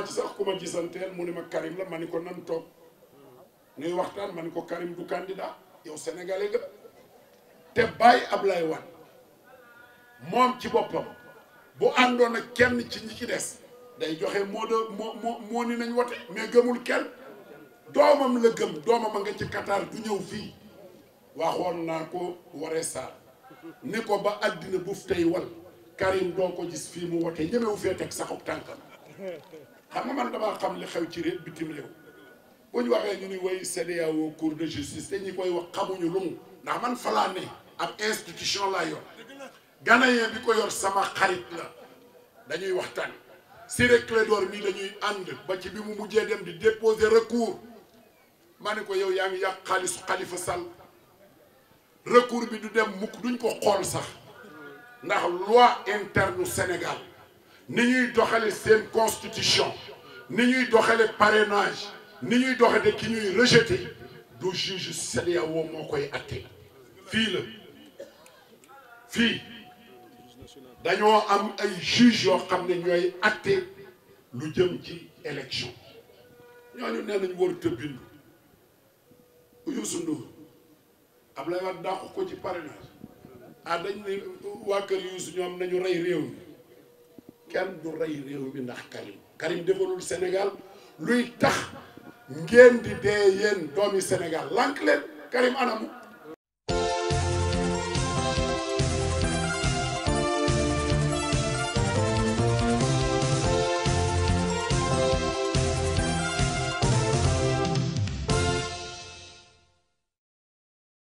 naa sax ku ma gisanteel mu ne ma Karim la ma ni ko nan toog nuy waxtaan ma ni ko Karim du candidat yow sénégalais nga te bàyyi Ablaye Wade moom ci boppam bu àndoon ak kenn ci ñi ci des day joxe moo de moo moo ni nañ wote mais gëmul kenn doomam la gëm doomam a nga ci Qatar du ñëw fii waxoon naa ko waree saar ne ko ba àddina buuf tey wal Karim doo ko gis fii mu wote ñemewu fee teg saxub tànkam xam nga man damaa xam li xew ci réew bitim réew bu ñu waxee ñu ni way CEDEAO cour de justice te ñi koy wax xamuñu lu mu ndax man falaa ne ab institution laa yor ganayen bi ko yoon sama xarit la dañuy waxtaan Ciré Clédor mii lañuy ànd ba ci bi mu mujjee dem di déposer recours ma ne ko yow yaa ngi yàq xaalisu Khalifa sal recours bi du dem mukk duñ ko xool sax ndax loi interne Sénégal ni ñuy doxale seen constitution ni ñuy doxale parrainage ni ñuy doxale ki ñuy rejeté du juge CEDEAO moo koy atte fii la fii dañoo am ay juge yoo xam ne ñooy atte lu jëm ci élection ñooñu nee nañ war te bindu Youssou Ndour Ablaye Wade dàq ko ci parrainage ah dañ ne waa kër Youssou ñoom nañu rey réew mi kenn du rey réew mi ndax Karim Karim defalul Sénégal luy tax ngeen di dee yéen doomi Sénégal lank leen Karim anamu